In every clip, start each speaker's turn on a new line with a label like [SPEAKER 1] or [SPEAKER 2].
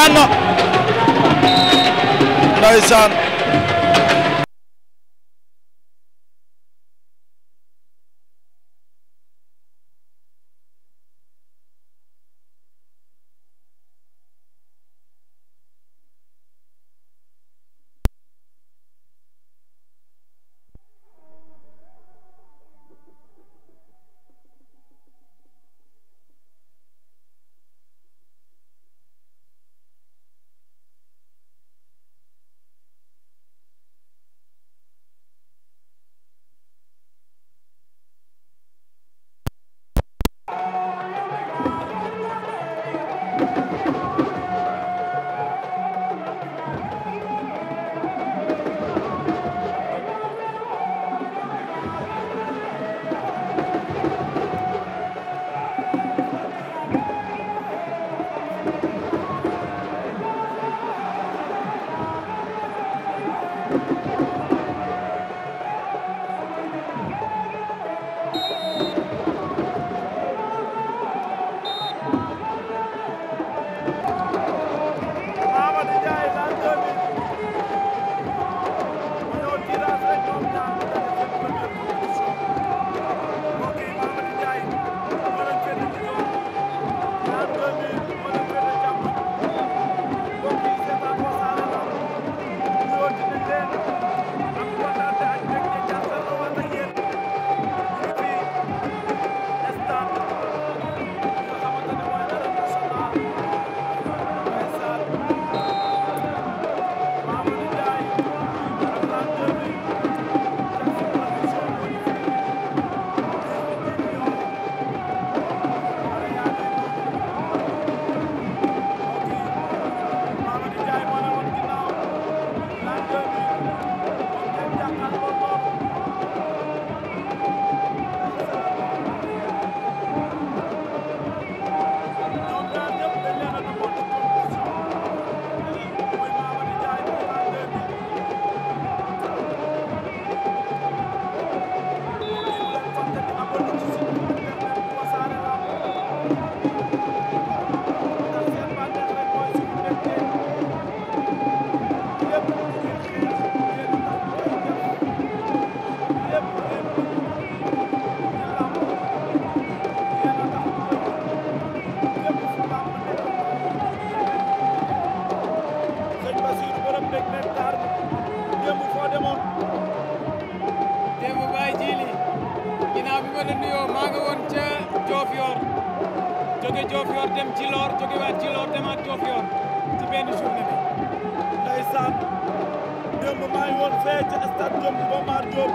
[SPEAKER 1] daan na ndeysaan
[SPEAKER 2] woon fee ca stade Diop Iba Mar Diop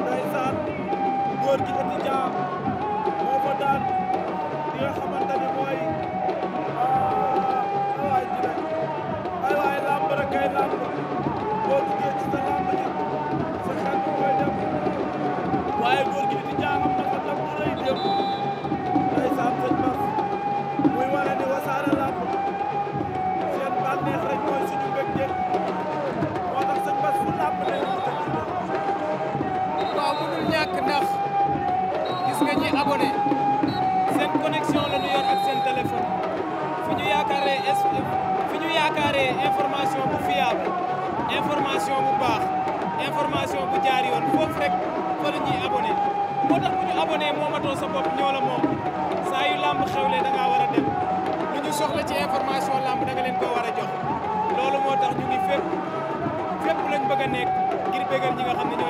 [SPEAKER 2] ndeysaan góor gi étudiant moo fa daan li nga xamante ne mooy awaay ah, ji rek ay waay làmb rek kay làmb boo duggee ci sa làmb ji sa xel dem waaye góor gi étudiant am na fa ndam bu woon foofu rek fa la ñuy abonné moo tax bu ñu abonné moomatoo sa bopp ñoo la moom saa yu làmb xewlee da ngaa war a dem lu ñu soxla ci information làmb da nga leen koo war a jox loolu moo tax ñu ngi fépp fépp lañ bëgg a nekk ngir bégal ñi nga xam ne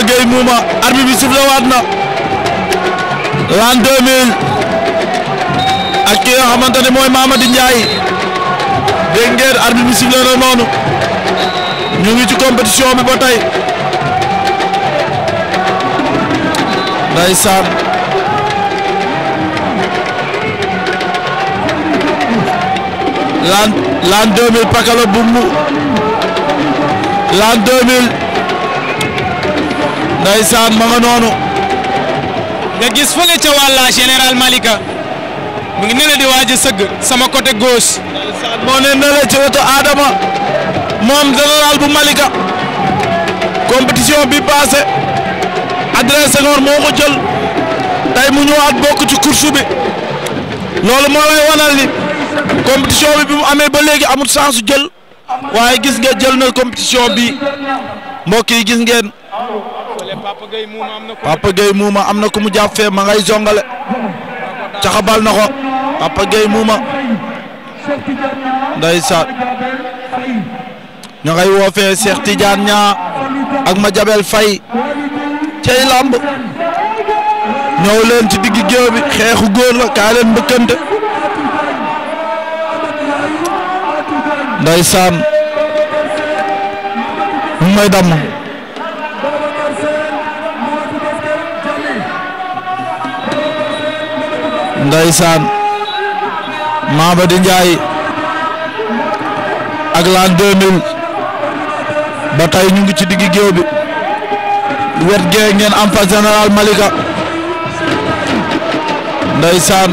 [SPEAKER 1] Papa Gueye Mouma arbitre waat na l'an 2000 ak ki nga xamante mooy Mamady Ndiaye dégg ngeen arbitre bi na noonu ñu ngi ci compétition bi ba tey ndeysaan l'an l'an 2000 pakala bumbu l'an 2000 ndaysaan ma nga noonu nga gis fële ca wàlla général Malika mu ngi nele di waaj a sëgg sama côté gauche ndaysaan moo ne nele ci wetu Adama moom général bu Malika compétition bi passé adresse Senghor moo ko jël tey mu ñëwaat bokk ci course bi loolu moo lay wanal ni compétition bi bi mu amee ba léegi amul chance jël waaye gis nga jël na compétition bi mbokk gis ngeen Papa Gueye Muuma am na ku mu jàpp fee ma ngay jongale caxabal na ko
[SPEAKER 2] Papa Gueye Muuma ndeysaan
[SPEAKER 1] ña ngay woo seex Cheikh Tidiane ñaa ak ma jabel fay cey làmb ñëw leen ci digg géew bi xeexu góor la kaa leen mbëkkante ndeysaan mu may damm saan ndeysaan Mamady Ndiaye ak l'an 2000 ba tey ñu ngi ci diggi géew bi wet gee ngeen am fa général Malika ndeysaan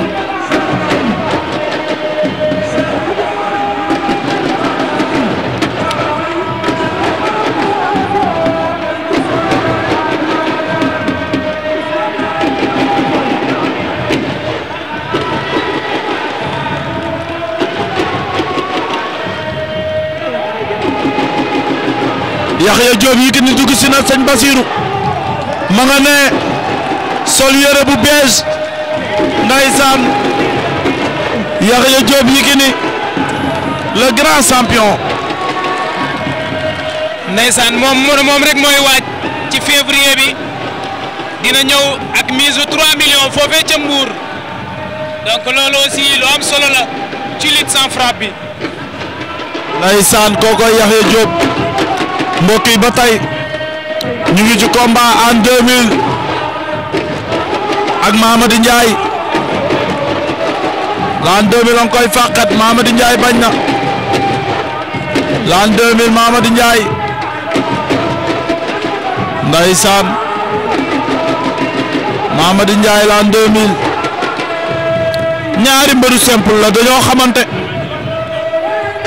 [SPEAKER 1] Yaxya Joob Yékini dugg si na sëñ Basiru ma nga ne sol yére bu beige ndaysaan Yaxya Joob Yékini le grand champion
[SPEAKER 2] ndaysaan moom moom rek mooy waaj ci février bi dina ñëw ak mise bu 3 millions foofee ca Mbour donc loolu aussi lu am solo la ci lutte sans frappe bi
[SPEAKER 1] ndaysaan kooko Yaxya Joob mbokk yi ba tey ñu ngi ci combat en 2000 ak Mamady Ndiaye l'an 2000 on koy fàqat Mamady Ndiaye bañ na l'an 2000 Mamady Ndiaye ndeysaan Mamady Ndiaye l'an 2000 ñaari mbëru simple la dañoo xamante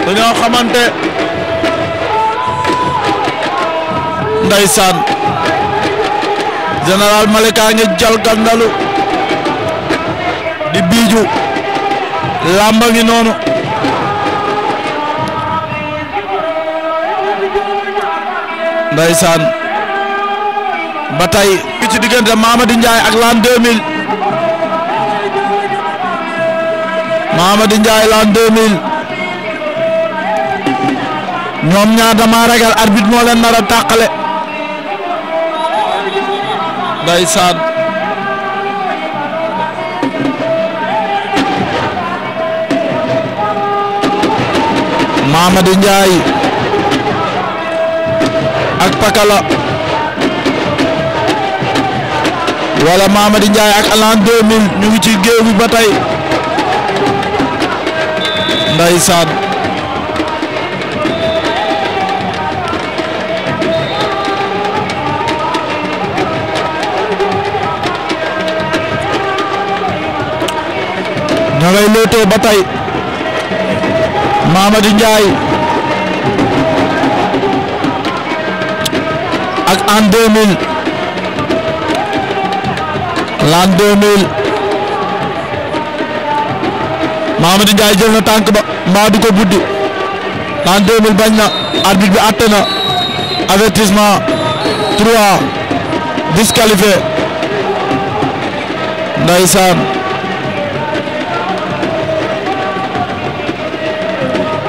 [SPEAKER 1] dañoo xamante. ndeysaan général Malika ngi jalgandalu di biiju làmba ngi noonu ndeysaan ba tey bi ci diggante Mamady Ndiaye ak l'an 2000 Mamady Ndiaye l'an 2000 ñoom ñaar dama ragal arbitre moo leen nar ndeysaan Mamady Ndiaye ak Pakala wala Mamady Ndiaye ak Alan 2000 ñu ngi ci géew ba tey ndeysaan ña ngay léetoo ba tey Mamadou Ndiaye ak an 2000 l'an 2000 Mamadou Ndiaye jël na tànk ba mbaa du ko buddi l'an 2000 bañ na arbitre bi àtte na avertissement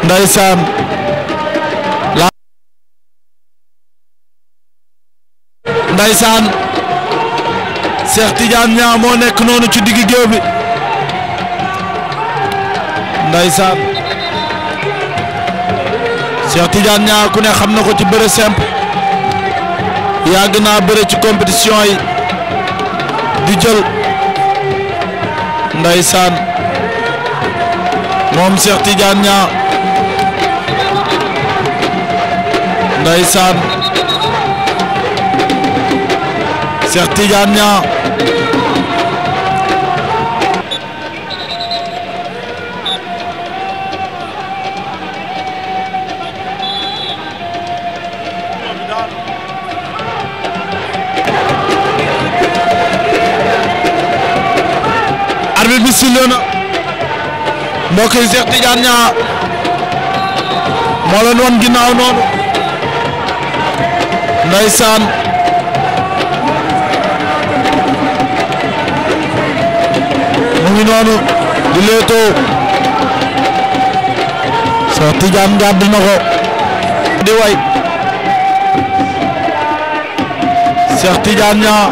[SPEAKER 1] ndeysaan la ndeysaan Cheikh moo nekk noonu ci diggi géew bi ndeysaan Cheikh Tidiane ku ne xam na ko ci bëre simple yàgg naa bëre ci compétition yi di jël ndeysaan moom Cheikh Tidiane Niang ndeysaan Cheikh Tidiane Niang arbitre bi sifflé na mbokk yi Cheikh Tidiane Niang moo leen ndeysaan mu ngi noonu di leetoo Cheikh Tidiane gàdd na ko di way Cheikh Tidiane ñaa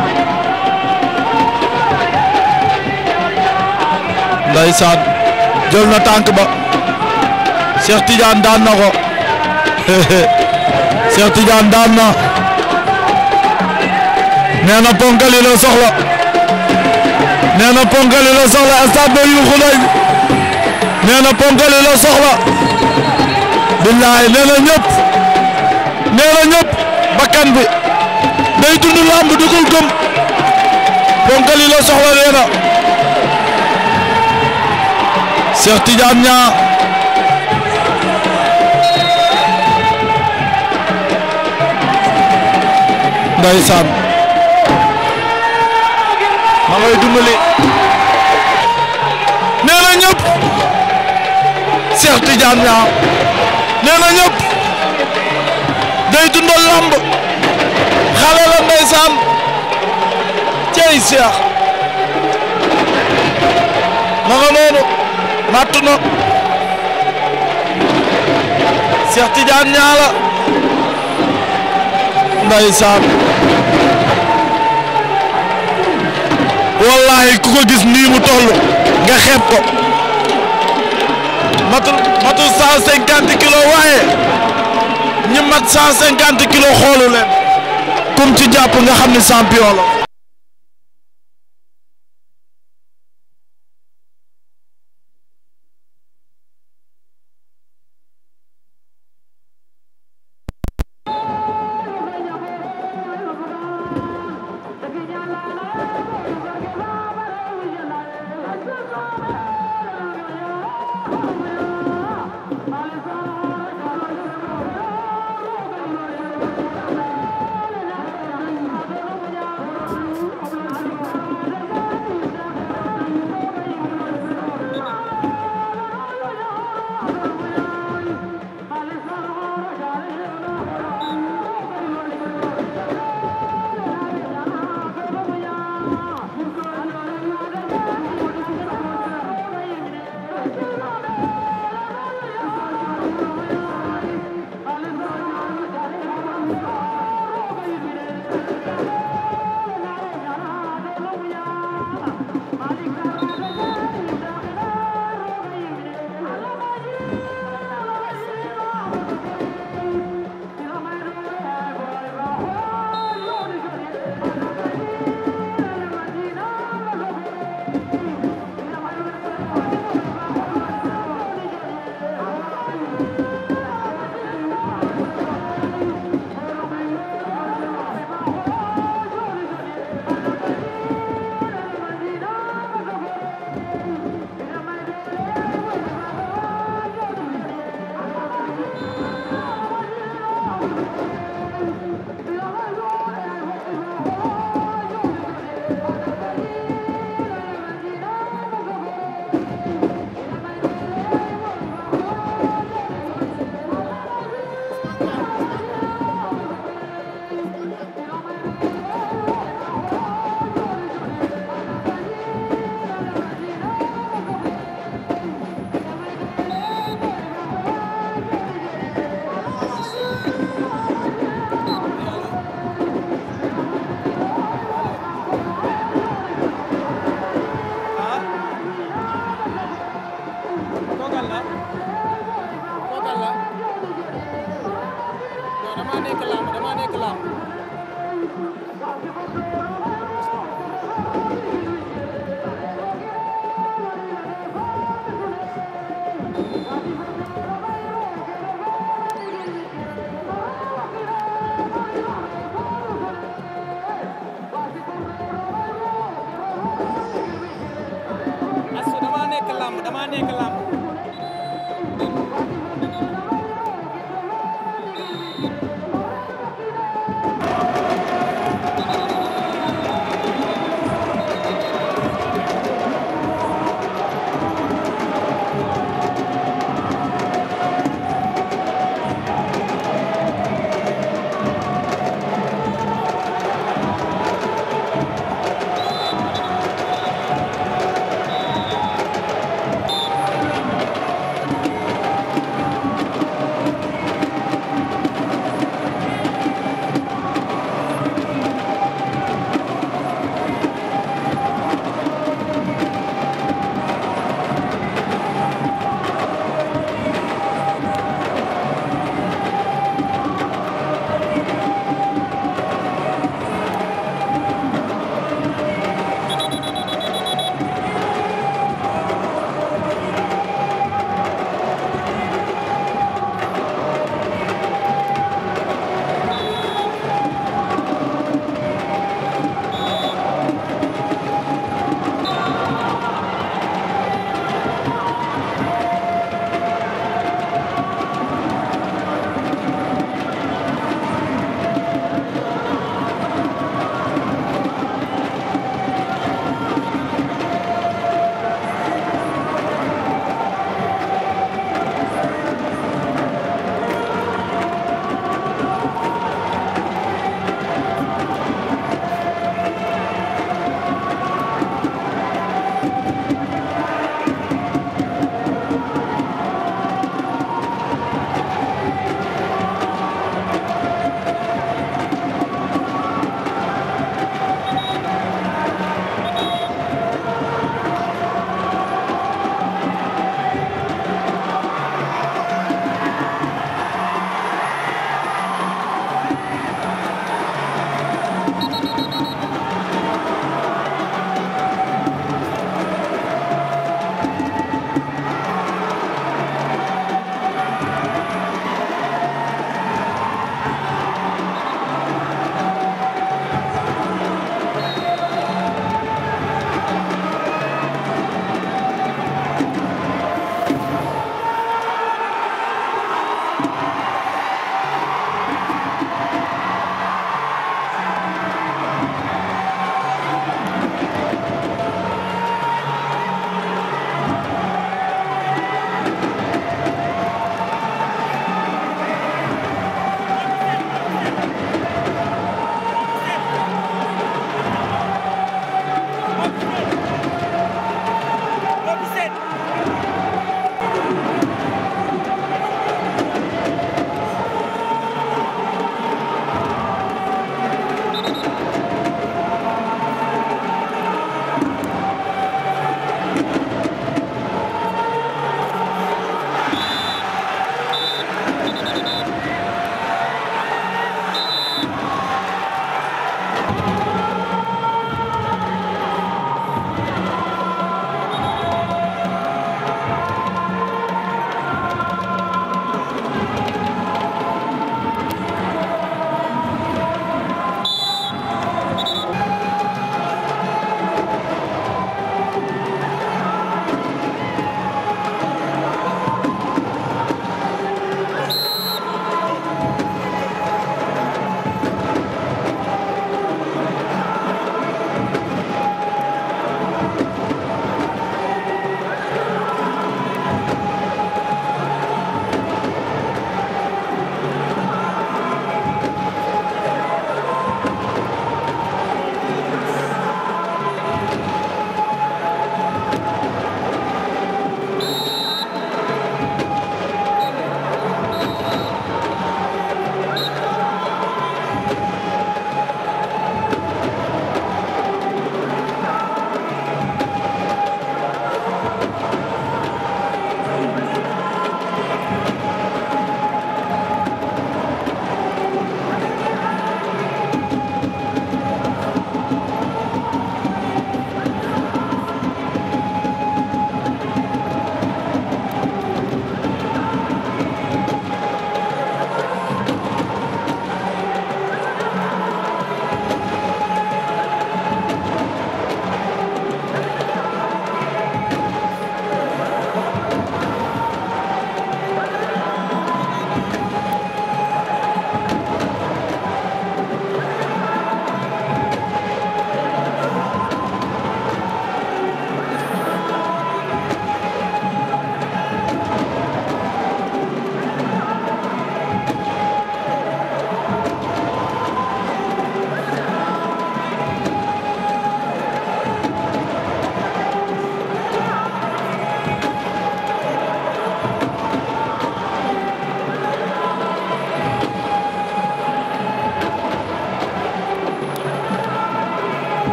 [SPEAKER 1] ndeysaan jël na tànk ba Cheikh Tidiane daan na ko nee na ponkal yi la soxla nee na ponkal yi la soxla stade ba yuuxu nañ nee na ponkal na ñëpp nee na ñëpp ponkal yi la soxla nee na Cheikh Tidiane ma ngay dimbali nee ñëpp Cheikh Tidiane Niang nee na ñëpp day lamb xale la ndeysaan cey Cheikh ma nga noonu matt na Cheikh Tidiane Niang la wallahi ku ko gis nii mu toll nga xeeb ko matul matul cent cinquante kilos waaye ñi mat cent cinquante kilos xoolu leen kum ci jàpp nga xam ne champion la
[SPEAKER 2] nekk làmb damaa nekk làmb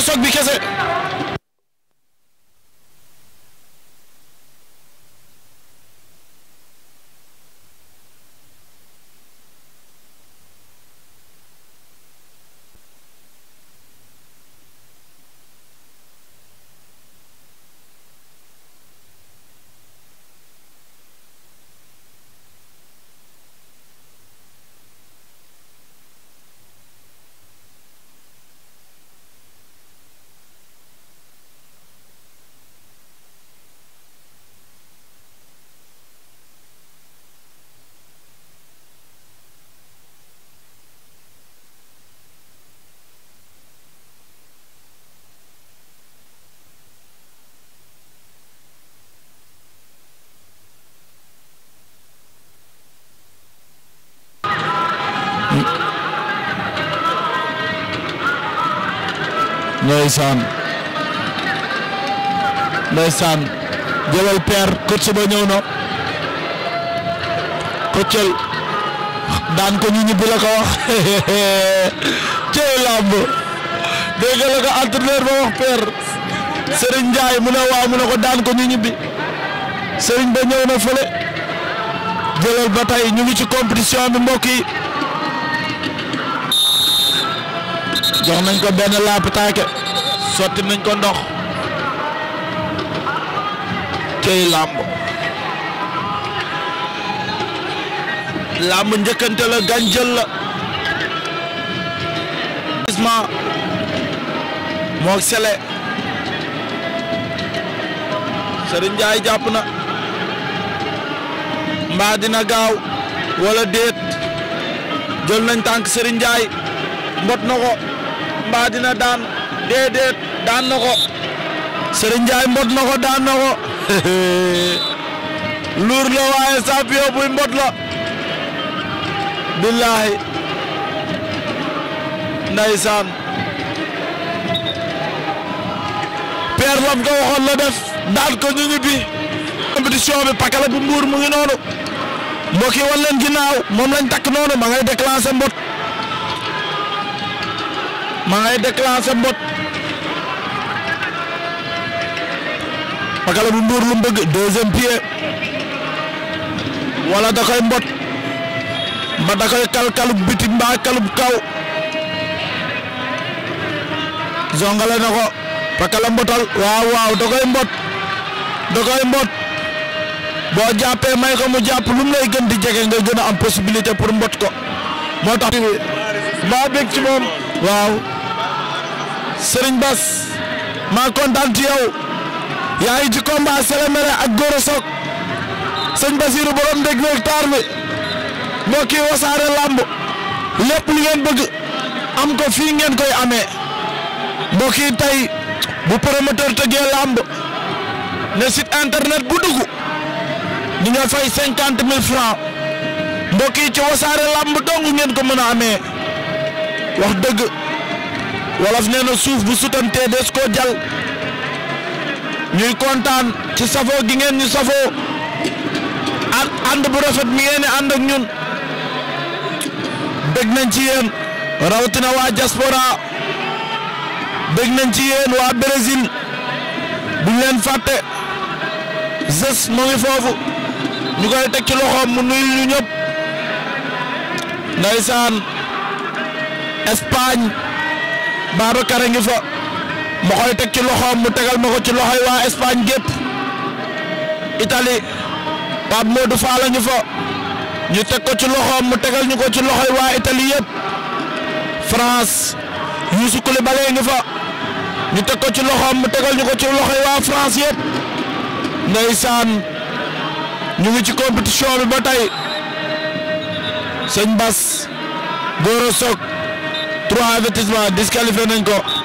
[SPEAKER 1] photo choc bi kese ndeysaan ndeysaan jëlal peer coach ba ñëw daan ko ñu ñibbi la ko wax cey làmb dégg ko entraîneur ba wax peer Serigne Ndiaye mu ne waaw mu ko daan ko ñu ñibbi Serigne ba ba tey ñu ngi ci compétition bi mbokk yi jox nañ ko benn lapp taake sotti nañ ko ndox cey làmb làmb njëkkante la ganjël la gisement moo sele Serigne Ndiaye jàpp na mbaadina gaaw wala déet jël nañ tànk Serigne Ndiaye mbot na ko mbaa daan déedéet daan na ko Serigne mbot na ko daan na ko luur la waaye champion buy mbot la billahi ndeysaan père lam ko waxoon la def daan ko ñu ñibbi compétition bi pakala bu mbuur mu ngi noonu mbokk yi wan leen ginnaaw moom lañ takk noonu ma ngay déclencher mbot ma ngay déclencher mbot pakala bu mbuur lu mu bëgg deuxième pied wala da koy mbot mba da koy kal kalub biti mbaa kalub kaw zongale na ko pakala mbotal waaw waaw da koy mbot da koy mbot boo jàppee may ko mu jàpp lu mu gën di jege nga gën a am possibilité pour mbot ko moo tax maa bég moom waaw Serigne Bass maa kontaan ci yaa ngi ci combat Sélérmé ak Gora Sock sëñ Basiru borom dégg beeg bi mbokk wasaare làmb lépp ngeen bëgg am ko fii ngeen koy amee mbokk yi tey bu promoteur tëggee làmb ne site internet bu dugg di nga fay cinquante mille franc mbokk yi ci wasaare làmb dong ngeen ko mën a amee wax dëgg wolof nee na suuf bu sutantee des koo jal ñuy kontaan ci safoo gi ngeen ñu safoo ak ànd bu rafet mi ngeen di ànd ak ñun bëgg nañ ci yéen rawatina waa diaspora bëgg nañ ci yéen waa Brésil buñ leen fàtte zës mu foofu ñu koy teg ci loxoom mu nuyu ñu ñëpp ndaysaan Espagne Babacar a ngi fa. ma koy teg ci loxoom mu tegal ma ko ci loxoy waa Espagne gépp Italie Pape Modou Fall ñu fa ñu teg ko ci loxoom mu tegal ñu ko ci loxoy waa Italie yëpp France Youssou Koulibaly ngi fa ñu teg ko ci loxoom mu tegal ñu ko ci loxoy waa France yëpp ndeysaan ñu ngi ci compétition bi ba tey sëñ Bas Goro Sock trois avertissements disqualifié nañ ko.